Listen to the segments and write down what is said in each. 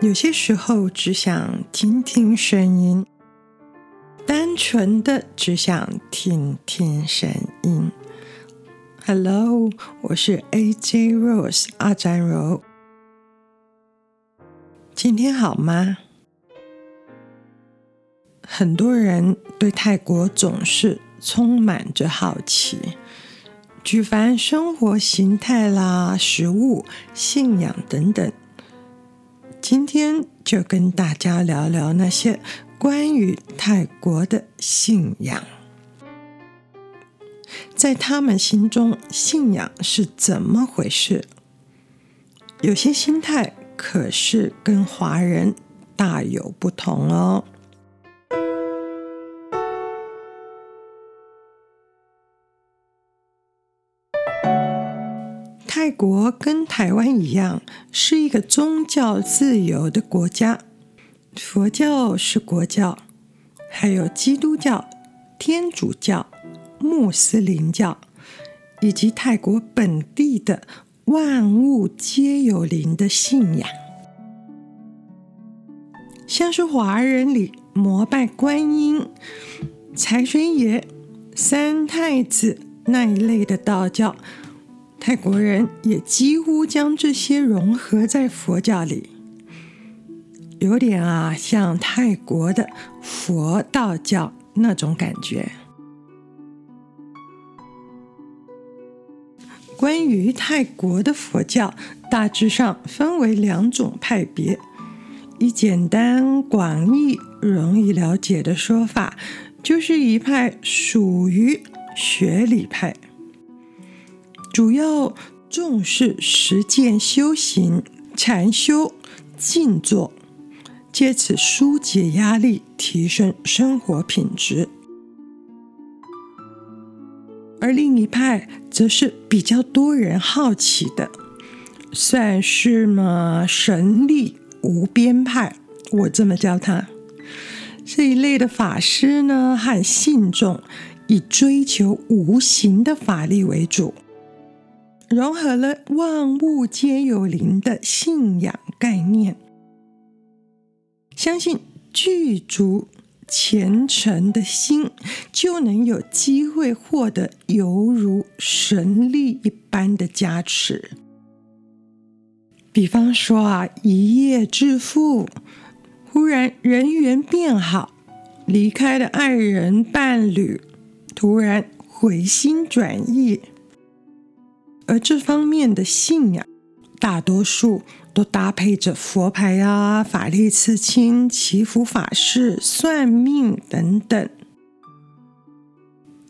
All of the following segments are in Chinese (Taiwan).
有些時候只想聽聽聲音，單純的只想聽聽聲音。Hello，我是 AJ Rose，阿占柔。今天好嗎？很多人對泰國總是充滿着好奇，舉凡生活型態啦、食物、信仰等等。今天就跟大家聊聊那些關於泰國的信仰。在他們心中，信仰是怎麼回事？有些心態可是跟華人大有不同哦。泰國跟台灣一樣，是一個宗教自由的國家。佛教是國教，還有基督教、天主教、穆斯林教，以及泰國本地的萬物皆有靈的信仰。像是華人裡膜拜觀音、財神爺、三太子那一類的道教。泰國人也幾乎將這些融合在佛教裡，有點啊像泰國的佛道教那種感覺。關於泰國的佛教，大致上分為兩種派別。以簡單、廣義、容易了解的說法，就是一派屬於學理派。主要重視實踐修行、禪修、靜坐，借此紓解壓力，提升生活品質。而另一派則是比較多人好奇的，算是嘛神力無邊派，我這麼叫他。這一類的法師呢，和信眾，以追求無形的法力為主。融合了萬物皆有靈的信仰概念，相信具足虔誠的心，就能有機會獲得猶如神力一般的加持。比方說啊，一夜致富，忽然人緣變好，離開的愛人伴侶突然回心轉意。而這方面的信仰，大多數都搭配着佛牌啊，法力刺青、祈福法事、算命等等。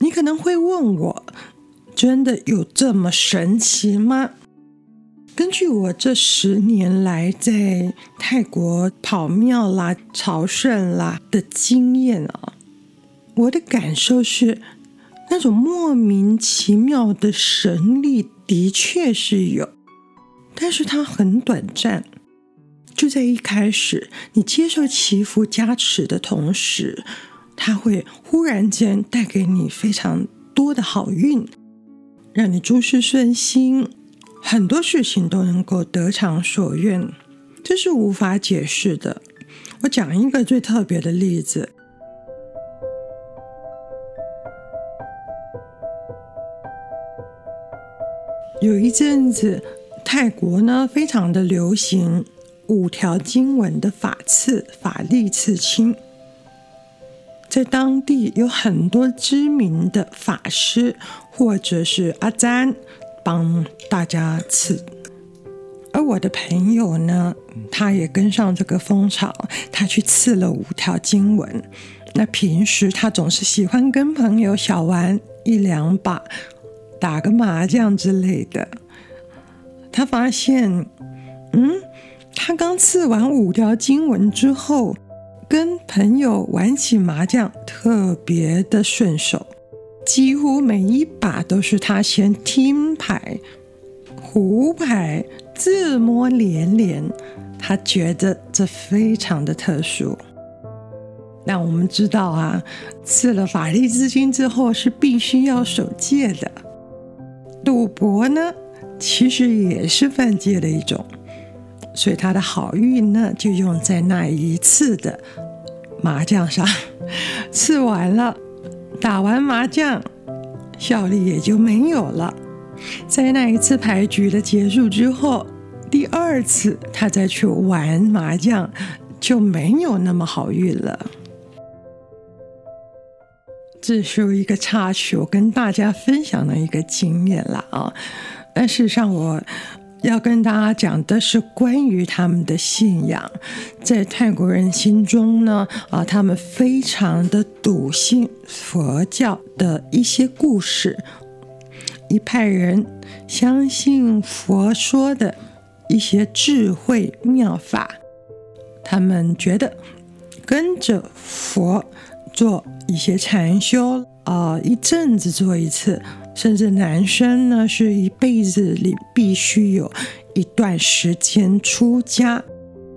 你可能會問我，真的有這麼神奇嗎？根據我這十年來在泰國跑廟啦、朝聖啦的經驗啊，我的感受是。那種莫名其妙的神力的確是有，但是它很短暫。就在一開始，你接受祈福加持的同時，它會忽然間帶給你非常多的好運，讓你諸事順心，很多事情都能夠得償所願，這是無法解釋的。我講一個最特別的例子。有一陣子，泰國呢非常的流行五條經文的法刺法力刺青，在當地有很多知名的法師或者是阿贊幫大家刺，而我的朋友呢，他也跟上這個風潮，他去刺了五條經文。那平時他總是喜歡跟朋友小玩一兩把。打個麻將之類的，他發現，嗯，他剛刺完五條經文之後，跟朋友玩起麻將，特別的順手，幾乎每一把都是他先聽牌、胡牌、自摸連連。他覺得這非常的特殊。那我們知道啊，刺了法力之金之後，是必須要守戒的。賭博呢，其實也是犯戒的一種，所以他的好運呢，就用在那一次的麻將上。吃完了，打完麻將，效力也就沒有了。在那一次牌局的結束之後，第二次他再去玩麻將，就沒有那麼好運了。是一個插曲，我跟大家分享了一個經驗了啊。但事實上，我要跟大家講的是關於他們的信仰。在泰國人心中呢，啊，他們非常的篤信佛教的一些故事，一派人相信佛說的一些智慧妙法，他們覺得跟着佛。做一些禪修啊、呃，一陣子做一次，甚至男生呢是一輩子裡必須有一段時間出家，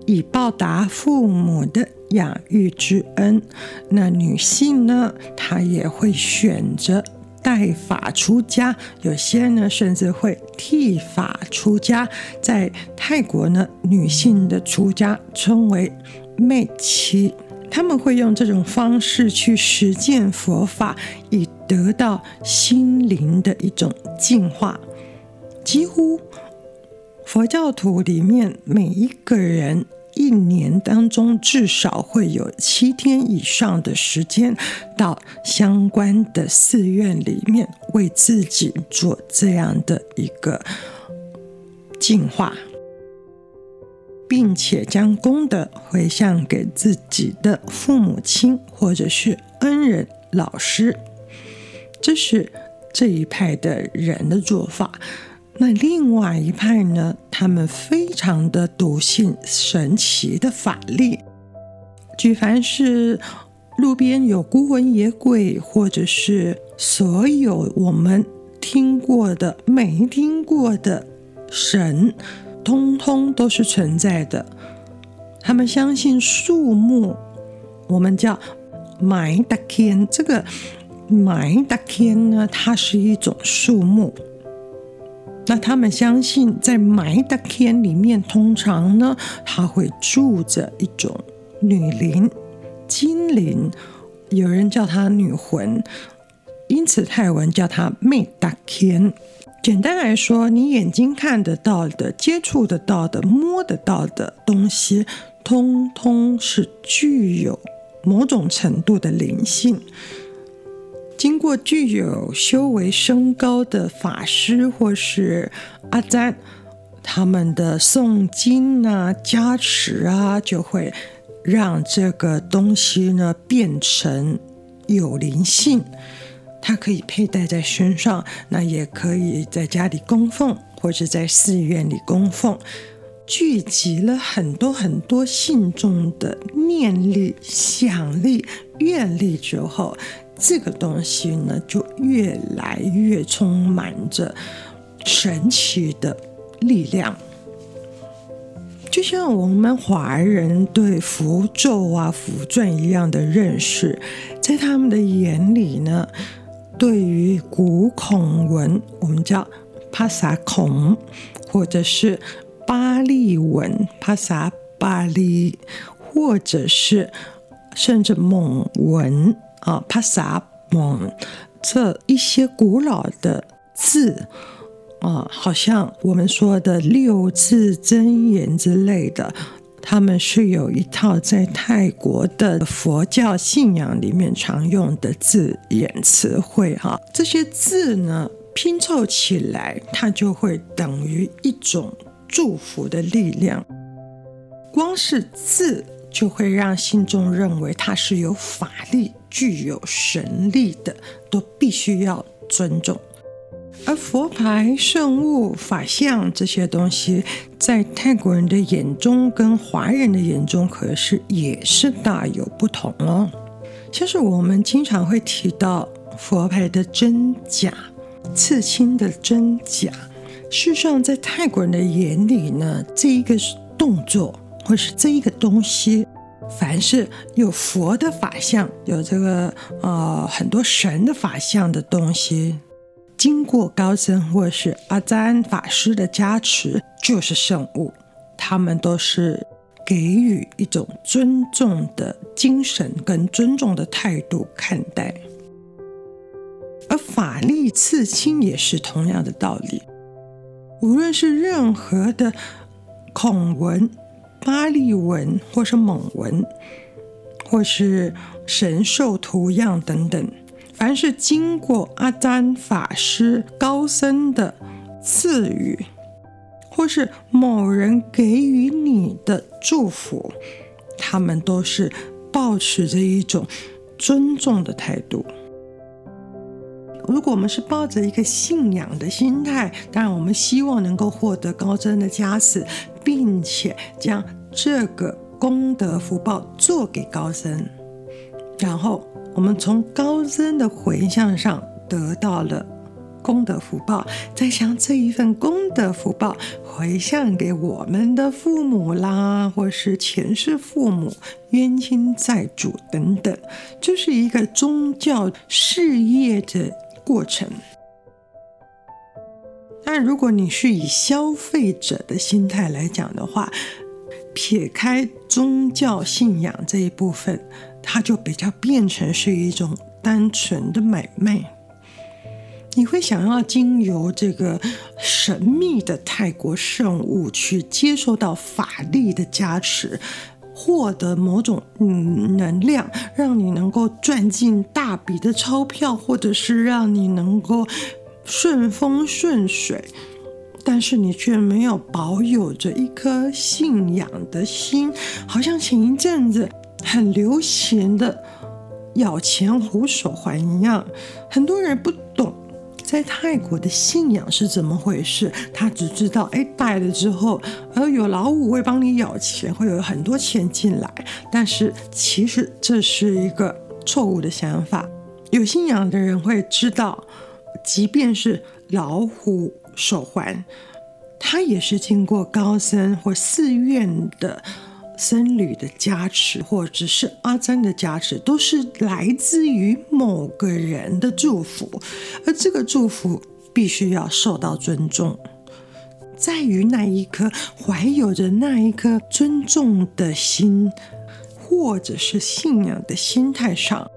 以報答父母的養育之恩。那女性呢，她也會選擇帶髮出家，有些呢甚至會剃髮出家。在泰國呢，女性的出家稱為妹妻。他們會用這種方式去實踐佛法，以得到心靈的一種淨化。幾乎佛教徒裡面每一個人一年當中至少會有七天以上的時間，到相關的寺院裡面為自己做這樣的一個淨化。並且將功德回向給自己的父母親或者是恩人、老師，這是這一派的人的做法。那另外一派呢？他們非常的篤信神奇的法力，舉凡是路邊有孤魂野鬼，或者是所有我們聽過的、沒聽過的神。通通都是存在的。他們相信樹木，我們叫 “my da kin”。這個 “my da kin” 呢，它是一種樹木。那他們相信，在 my da kin 裡面，通常呢，它會住着一種女靈、精靈，有人叫它女魂，因此泰文叫它 “my da kin”。簡單來說，你眼睛看得到的、接觸得到的、摸得到的東西，通通是具有某種程度的靈性。經過具有修為升高的法師或是阿贊，他們的誦經啊、加持啊，就會讓這個東西呢變成有靈性。它可以佩戴在身上，那也可以在家裡供奉，或者在寺院裡供奉。聚集了很多很多信眾的念力、想力、願力之後，這個東西呢，就越來越充滿着神奇的力量。就像我們華人對符咒啊、符篆一樣的認識，在他們的眼裡呢。對於古孔文，我們叫帕薩孔，或者是巴利文帕薩巴利，或者是甚至蒙文啊帕薩蒙，這一些古老的字啊，好像我們說的六字真言之類的。他們是有一套在泰國的佛教信仰裡面常用的字眼詞彙，哈，這些字呢拼湊起來，它就會等於一種祝福的力量。光是字就會讓信眾認為它是有法力、具有神力的，都必須要尊重。而佛牌、聖物、法相這些東西，在泰國人的眼中跟華人的眼中可是也是大有不同哦。其實我們經常會提到佛牌的真假、刺青的真假，事實上在泰國人的眼裡呢，這一個動作或是這一個東西，凡是有佛的法相、有這個呃很多神的法相的東西。經過高僧或是阿贊法師的加持，就是聖物。他們都是給予一種尊重的精神跟尊重的態度看待。而法力刺青也是同樣的道理。無論是任何的孔文、巴利文，或是蒙文，或是神獸圖樣等等。凡是經過阿贊法師高僧的賜予，或是某人給予你的祝福，他們都是抱持着一種尊重的態度。如果我們是抱着一個信仰的心態，當然我們希望能夠獲得高僧的加持，並且將這個功德福報做給高僧，然後。我們從高僧的回向上得到了功德福報，再將這一份功德福報回向給我們的父母啦，或是前世父母、冤親債主等等，這是一個宗教事業的過程。但如果你是以消費者的心態來講的話，撇開宗教信仰這一部分。它就比較變成是一種單純的買賣。你會想要經由這個神秘的泰國聖物去接受到法力的加持，獲得某種嗯能量，讓你能夠賺進大筆的鈔票，或者是讓你能夠順風順水，但是你卻沒有保有着一顆信仰的心，好像前一陣子，很流行的咬錢虎手環一樣，很多人不懂在泰國的信仰是怎麼回事，他只知道哎帶了之後，呃有老虎會幫你咬錢，會有很多錢進來。但是其實這是一個錯誤的想法。有信仰的人會知道，即便是老虎手環，它也是經過高僧或寺院的。僧侶的加持，或者是阿贊的加持，都是來自於某個人的祝福，而這個祝福必須要受到尊重，在於那一顆懷有着那一顆尊重的心，或者是信仰的心態上，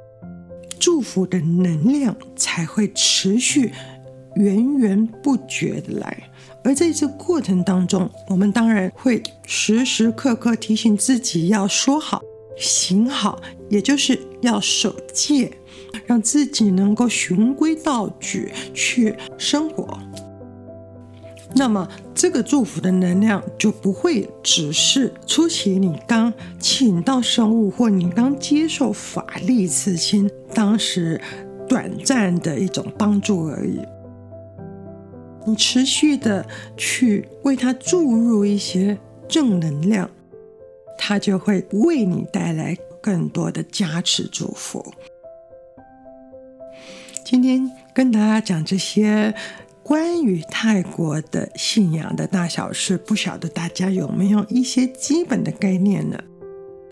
祝福的能量才會持續。源源不絕的來，而在這過程當中，我們當然會時時刻刻提醒自己要說好、行好，也就是要守戒，讓自己能夠循規蹈矩去生活。那麼，這個祝福的能量就不會只是出現你剛請到聖物或你剛接受法力刺青，當時短暫的一種幫助而已。你持續的去為他注入一些正能量，他就會為你帶來更多的加持祝福。今天跟大家講這些關於泰國的信仰的大小事，不曉得大家有沒有一些基本的概念呢？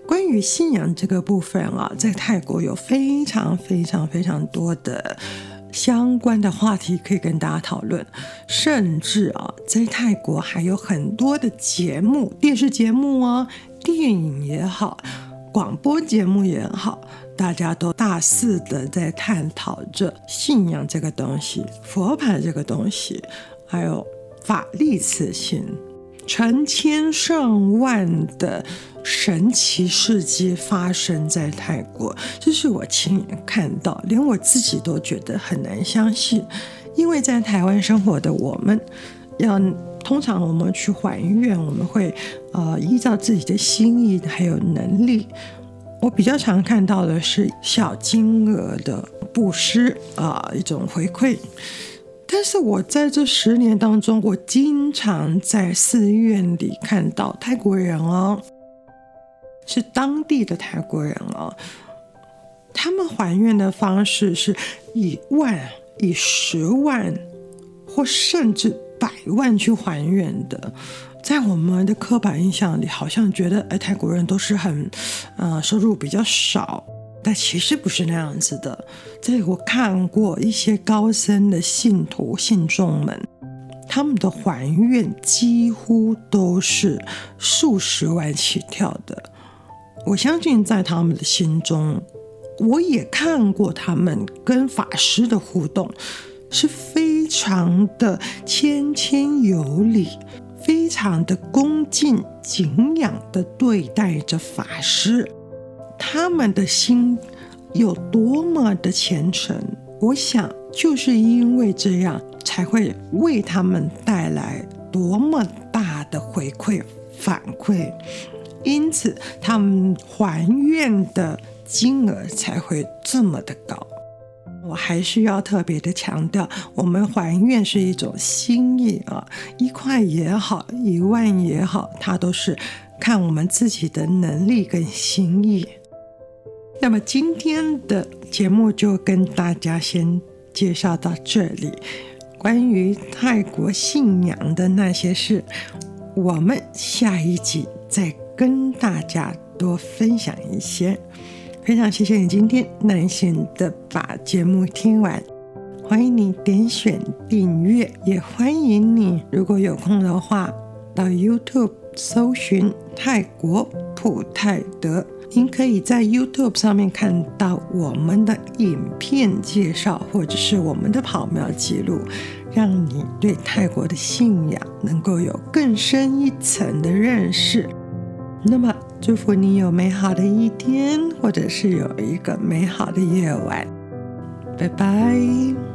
關於信仰這個部分啊，在泰國有非常非常非常多的。相關的話題可以跟大家討論，甚至啊，在泰國還有很多的節目，電視節目哦，電影也好，廣播節目也好，大家都大肆的在探討着信仰這個東西，佛牌這個東西，還有法力此心，成千上萬的。神奇事蹟發生在泰國，這是我親眼看到，連我自己都覺得很難相信。因為在台灣生活的我們，要通常我們去還願，我們會呃依照自己的心意還有能力。我比較常看到的是小金額的布施啊，呃，一種回饋。但是我在這十年當中，我經常在寺院裡看到泰國人哦。是當地的泰國人哦，他們還願的方式是以萬、以十萬，或甚至百萬去還願的。在我們的刻板印象裡，好像覺得哎，泰國人都是很，呃，收入比較少，但其實不是那樣子的。這裡我看過一些高僧的信徒、信眾們，他們的還願幾乎都是數十萬起跳的。我相信在他們的心中，我也看過他們跟法師的互動，是非常的謙謙有禮，非常的恭敬、敬仰地對待着法師。他們的心有多麼的虔誠，我想就是因為這樣，才會為他們帶來多麼大的回饋反饋。因此，他們還願的金額才會這麼的高。我還是要特別的強調，我們還願是一種心意啊，一塊也好，一萬也好，它都是看我們自己的能力跟心意。那麼今天的節目就跟大家先介紹到這裡，關於泰國信仰的那些事，我們下一集再。跟大家多分享一些，非常謝謝你今天耐心的把節目聽完。歡迎你點選訂閱，也歡迎你如果有空的話到 YouTube 搜尋泰國普泰德。您可以在 YouTube 上面看到我們的影片介紹，或者是我們的跑廟記錄，讓你對泰國的信仰能夠有更深一層的認識。那麼，祝福你有美好的一天，或者是有一個美好的夜晚。拜拜。